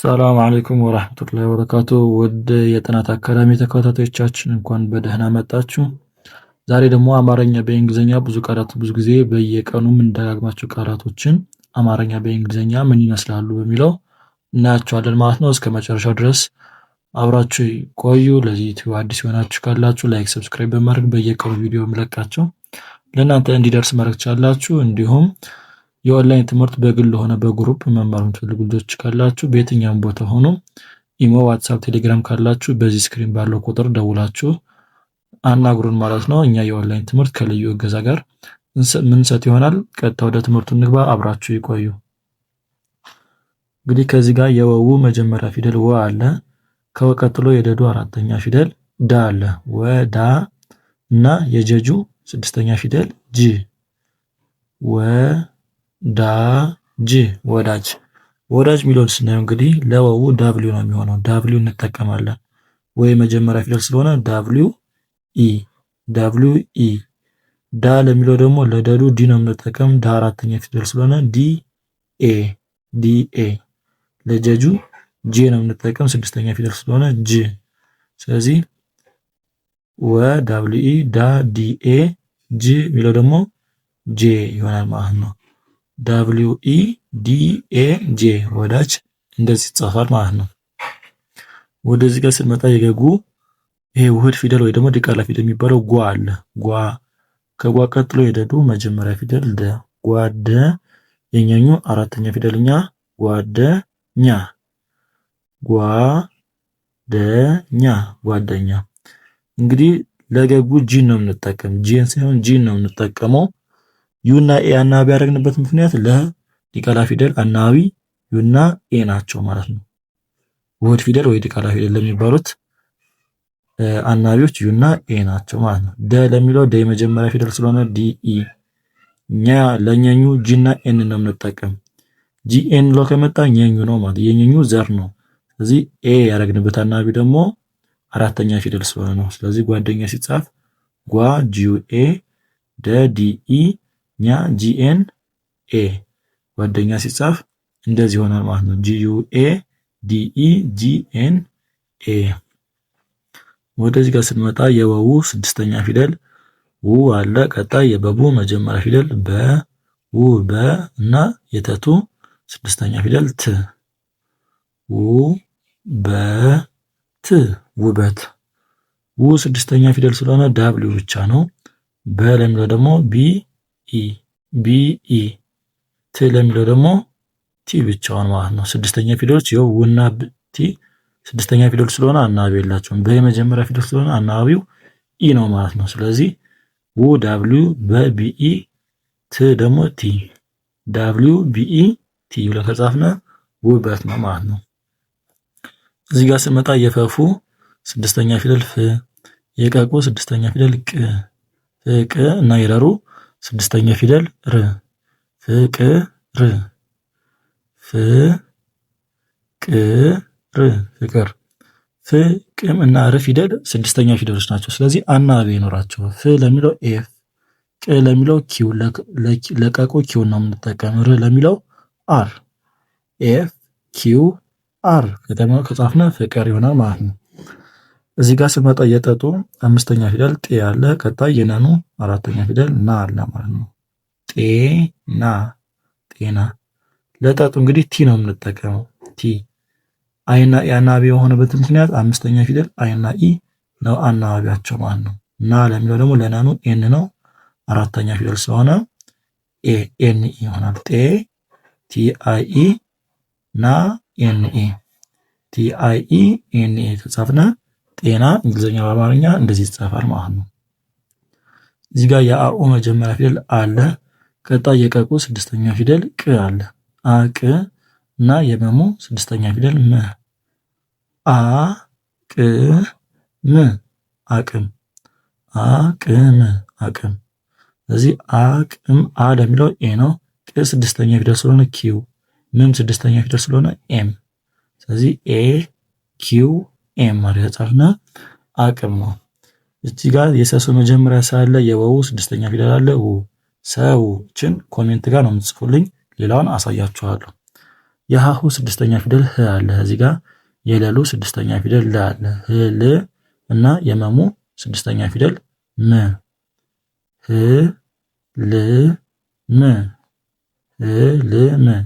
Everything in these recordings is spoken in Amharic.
ሰላም አለይኩም ወራህመቱላሂ ወበረካቱ ውድ የጥናት አካዳሚ ተከታታዮቻችን እንኳን በደህና መጣችሁ። ዛሬ ደግሞ አማርኛ በእንግሊዝኛ ብዙ ቃላት ብዙ ጊዜ በየቀኑ የምንደጋግማቸው ቃላቶችን አማርኛ በእንግሊዝኛ ምን ይመስላሉ በሚለው እናያቸዋለን ማለት ነው። እስከ መጨረሻው ድረስ አብራችሁ ቆዩ። ለዚህ ዩቲዩብ አዲስ የሆናችሁ ካላችሁ ላይክ፣ ሰብስክራይብ በማድረግ በየቀኑ ቪዲዮ የምለቃቸው ለእናንተ እንዲደርስ ማድረግ ቻላችሁ። እንዲሁም የኦንላይን ትምህርት በግል ሆነ በግሩፕ መማር የምትፈልጉ ልጆች ካላችሁ በየትኛውም ቦታ ሆኖ ኢሞ፣ ዋትሳፕ፣ ቴሌግራም ካላችሁ በዚህ ስክሪን ባለው ቁጥር ደውላችሁ አናግሩን ማለት ነው። እኛ የኦንላይን ትምህርት ከልዩ እገዛ ጋር ምንሰጥ ይሆናል። ቀጥታ ወደ ትምህርቱ እንግባ። አብራችሁ ይቆዩ። እንግዲህ ከዚህ ጋር የወው መጀመሪያ ፊደል ወ አለ። ከወ ቀጥሎ የደዱ አራተኛ ፊደል ዳ አለ። ወዳ እና የጀጁ ስድስተኛ ፊደል ጂ? ወ ዳጅ ወዳጅ ወዳጅ የሚለውን ስናየው እንግዲህ ለወው ዳብሊው ነው የሚሆነው። ዳብሊው እንጠቀማለን ወይ መጀመሪያ ፊደል ስለሆነ ዳብሊው ኢ ዳብሊው ኢ። ዳ ለሚለው ደግሞ ለደዱ ዲ ነው የምንጠቀም። ዳ አራተኛ ፊደል ስለሆነ ዲ ኤ ዲ ኤ። ለጀጁ ጄ ነው የምንጠቀም ስድስተኛ ፊደል ስለሆነ ጅ። ስለዚህ ወ ዳብሊው ኢ ዳ ዲ ኤ ጅ የሚለው ደግሞ ጄ ይሆናል ማለት ነው። ዳብሊው ኢ ዲ ኤ ጄ ወዳጅ እንደዚህ ይጻፋል ማለት ነው። ወደዚህ ጋር ስንመጣ የገጉ ይሄ ውህድ ፊደል ወይ ደግሞ ዲቃላ ፊደል የሚባለው ጓ አለ። ጓ ከጓ ቀጥሎ የደዱ መጀመሪያ ፊደል ደ ጓደ የኛኙ አራተኛ ፊደልኛ ጓደኛ ጓደኛ ጓደኛ እንግዲህ ለገጉ ጂን ነው የምንጠቀም ጂን ሳይሆን ጂን ነው የምንጠቀመው። ዩና ኤ አናባቢ ያደረግንበት ምክንያት ለ ዲቃላ ፊደል አናባቢ ዩና ኤ ናቸው ማለት ነው። ውህድ ፊደል ወይ ዲቃላ ፊደል ለሚባሉት አናባቢዎች ዩና ኤ ናቸው ማለት ነው። ደ ለሚለው ደ የመጀመሪያ ፊደል ስለሆነ ዲ ኢ። ኛ ለኛኙ ጂና ኤን ነው የምንጠቀም። ጂ ኤን ሎ ከመጣ ኛኙ ነው ማለት የኛኙ ዘር ነው። ስለዚህ ኤ ያደረግንበት አናባቢ ደግሞ አራተኛ ፊደል ስለሆነ ነው። ስለዚህ ጓደኛ ሲጻፍ ጓ ጂዩ ኤ ደ ዲ ኢ ኛ ጂኤን ኤ ጓደኛ ሲጻፍ እንደዚህ ይሆናል ማለት ነው። ኤ ዲኢ ጂኤን ኤ። ወደዚህ ጋር ስንመጣ የወው ስድስተኛ ፊደል ው አለ። ቀጣይ የበቡ መጀመሪያ ፊደል በ ው በ እና የተቱ ስድስተኛ ፊደል ት ው በ ት ውበት። ው ስድስተኛ ፊደል ስለሆነ ዳብሊው ብቻ ነው። በ ለሚለው ደግሞ ቢ ኢ ቢኢ ት ለሚለው ደግሞ ቲ ብቻውን ማለት ነው። ስድስተኛ ፊደሎች ይኸው ውና ቲ ስድስተኛ ፊደል ስለሆነ አናባቢ የላቸውም። በየመጀመሪያ ፊደል ስለሆነ አናባቢው ኢ ነው ማለት ነው። ስለዚህ ው ዳብሊው በቢኢ ት ደግሞ ቲ ዳብሊው ቢኢ ቲ ብለን ከጻፍነ ውበት ነው ማለት ነው። እዚህ ጋር ስንመጣ የፈፉ ስድስተኛ ፊደል ፍ፣ የቀቁ ስድስተኛ ፊደል ቅ፣ ቅ እና የረሩ ስድስተኛ ፊደል ር ፍቅር ፍቅር ፍቅር ፍቅም እና ር ፊደል ስድስተኛ ፊደሎች ናቸው። ስለዚህ አናባቢ ይኖራቸው ፍ ለሚለው ኤፍ፣ ቅ ለሚለው ኪው፣ ለቀቁ ኪው ነው የምንጠቀም። ር ለሚለው አር፣ ኤፍ ኪው አር ከጻፍነ ፍቅር ይሆናል ማለት ነው። እዚህ ጋር ስመጣ የጠጡ አምስተኛ ፊደል ጤ ያለ ቀጣይ የነኑ አራተኛ ፊደል ና አለ ማለት ነው። ጤ ና ጤና። ለጠጡ እንግዲህ ቲ ነው የምንጠቀመው። ቲ አይና የአናባቢ የሆነበት ምክንያት አምስተኛ ፊደል አይና ኢ ነው አናባቢያቸው ማለት ነው። ና ለሚለው ደግሞ ለናኑ ኤን ነው አራተኛ ፊደል ስለሆነ ኤ ኤን ኢ ይሆናል። ጤ ቲ አይ ኢ ና ኤን ኢ ቲ አይ ኢ ኤን ኢ ተጻፍነ ጤና እንግሊዝኛ በአማርኛ እንደዚህ ይጻፋል ማለት ነው። እዚህ ጋር የአኦ መጀመሪያ ፊደል አለ። ቀጣይ የቀቁ ስድስተኛ ፊደል ቅ አለ። አቅ እና የመሙ ስድስተኛ ፊደል መ አ ቅ ም አቅም አቅም አቅም። ስለዚህ አቅም አ ለሚለው ኤ ነው። ቅ ስድስተኛ ፊደል ስለሆነ ኪው፣ ምም ስድስተኛ ፊደል ስለሆነ ኤም። ስለዚህ ኤ ኪው ኤም ማለት አቅም ነው። እዚህ ጋር የሰሱ መጀመሪያ ሳለ የወው ስድስተኛ ፊደል አለ ው ሰዎችን ኮሜንት ጋር ነው የምትጽፉልኝ። ሌላውን አሳያችኋለሁ። የሀሁ ስድስተኛ ፊደል ህ አለ እዚህ ጋር የለሉ ስድስተኛ ፊደል ለ አለ ህል እና የመሙ ስድስተኛ ፊደል ም ህ ል ም ል ም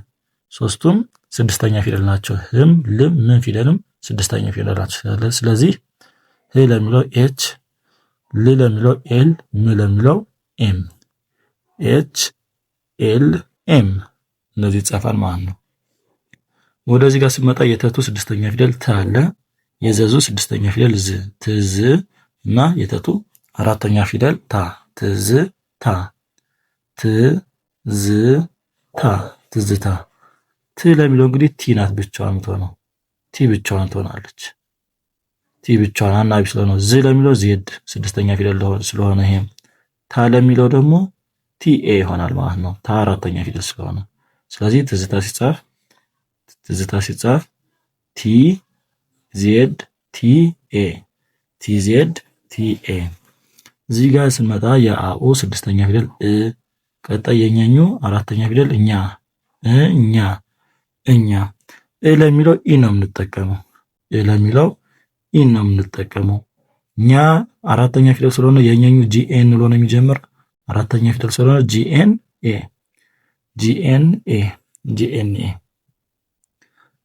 ሶስቱም ስድስተኛ ፊደል ናቸው። ህም ልም ምን ፊደልም ስድስተኛ ፊደል ናቸው። ስለዚህ ህ ለሚለው ኤች ል ለሚለው ኤል፣ ም ለሚለው ኤም፣ ኤች ኤል ኤም እነዚህ ይጻፋል ማለት ነው። ወደዚህ ጋር ስመጣ የተቱ ስድስተኛ ፊደል ተ አለ። የዘዙ ስድስተኛ ፊደል ዝ ትዝ እና የተቱ አራተኛ ፊደል ታ ትዝ ታ ትዝ ታ ትዝታ ት ለሚለው እንግዲህ ቲ ናት ብቻዋን ነው ቲ ብቻዋን ትሆናለች። ቲ ብቻዋን አናቢ ስለሆነ ዝ ለሚለው ዜድ ስድስተኛ ፊደል ስለሆነ ይሄ ታ ለሚለው ደግሞ ቲኤ ይሆናል ማለት ነው። ታ አራተኛ ፊደል ስለሆነ ስለዚህ ትዝታ ሲጻፍ ትዝታ ሲጻፍ ቲ ዜድ ቲ ኤ ቲ ዜድ ቲ ኤ። እዚህ ጋር ስንመጣ የአኡ ስድስተኛ ፊደል እ ቀጣይ የኛኙ አራተኛ ፊደል እኛ እኛ እኛ እ ለሚለው ኢ ነው የምንጠቀመው እ ለሚለው ይህን ነው የምንጠቀመው። ኛ አራተኛ ፊደል ስለሆነ የኛኙ ጂኤን ብሎ ነው የሚጀምር። አራተኛ ፊደል ስለሆነ ጂኤን ኤ ጂኤን ኤ ጂኤን ኤ።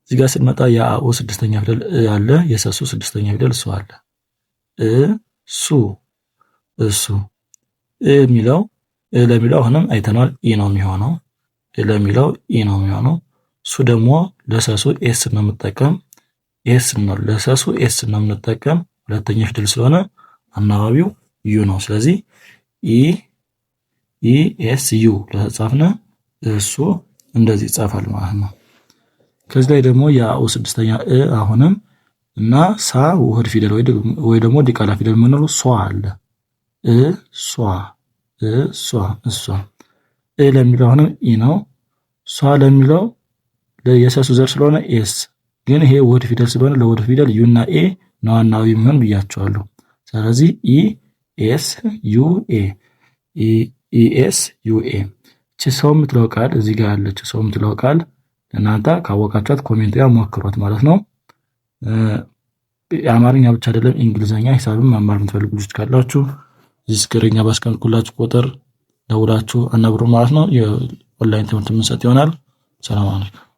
እዚህ ጋር ስንመጣ የአኦ ስድስተኛ ፊደል አለ። የሰሱ ስድስተኛ ፊደል እሱ አለ። እ ሱ እሱ እ የሚለው እ ለሚለው አሁንም አይተናል። ኢ ነው የሚሆነው። እ ለሚለው ኢ ነው የሚሆነው። ሱ ደግሞ ለሰሱ ኤስ ነው የምጠቀም ኤስ ነው ለሰሱ ኤስ ነው የምንጠቀም ሁለተኛ ፊደል ስለሆነ አናባቢው ዩ ነው። ስለዚህ ኢ ኢ ኤስ ዩ ለጻፍነ እሱ እንደዚህ ይጻፋል ማለት ነው። ከዚህ ላይ ደግሞ የአኡ ስድስተኛ እ አሁንም እና ሳ ውህድ ፊደል ወይ ደግሞ ዲቃላ ፊደል የምንለው ሷ አለ እ ሷ እ ሷ እሷ እ ለሚለው አሁንም ኢ ነው። ሷ ለሚለው የሰሱ ዘር ስለሆነ ኤስ ግን ይሄ ውህድ ፊደል ስለሆነ ለውህድ ፊደል ዩና ኤ ነው ዋናው የሚሆን ብያቸዋለሁ። ስለዚህ ኢ ኤስ ዩ ኤ ኢ ኤስ ዩ ኤ። እቺ ሰው የምትለው ቃል እዚህ ጋር ያለች ሰው የምትለው ቃል እናንተ ካወቃችኋት ኮሜንት ጋር ሞክሯት ማለት ነው። የአማርኛ ብቻ አይደለም እንግሊዝኛ፣ ሂሳብም መማር የምትፈልጉ ልጆች ካላችሁ እዚህ ስክሪኛ ባስቀምጥኩላችሁ ቁጥር ደውላችሁ አናግሩ ማለት ነው። የኦንላይን ትምህርት የምንሰጥ ይሆናል። ሰላም አለይኩም።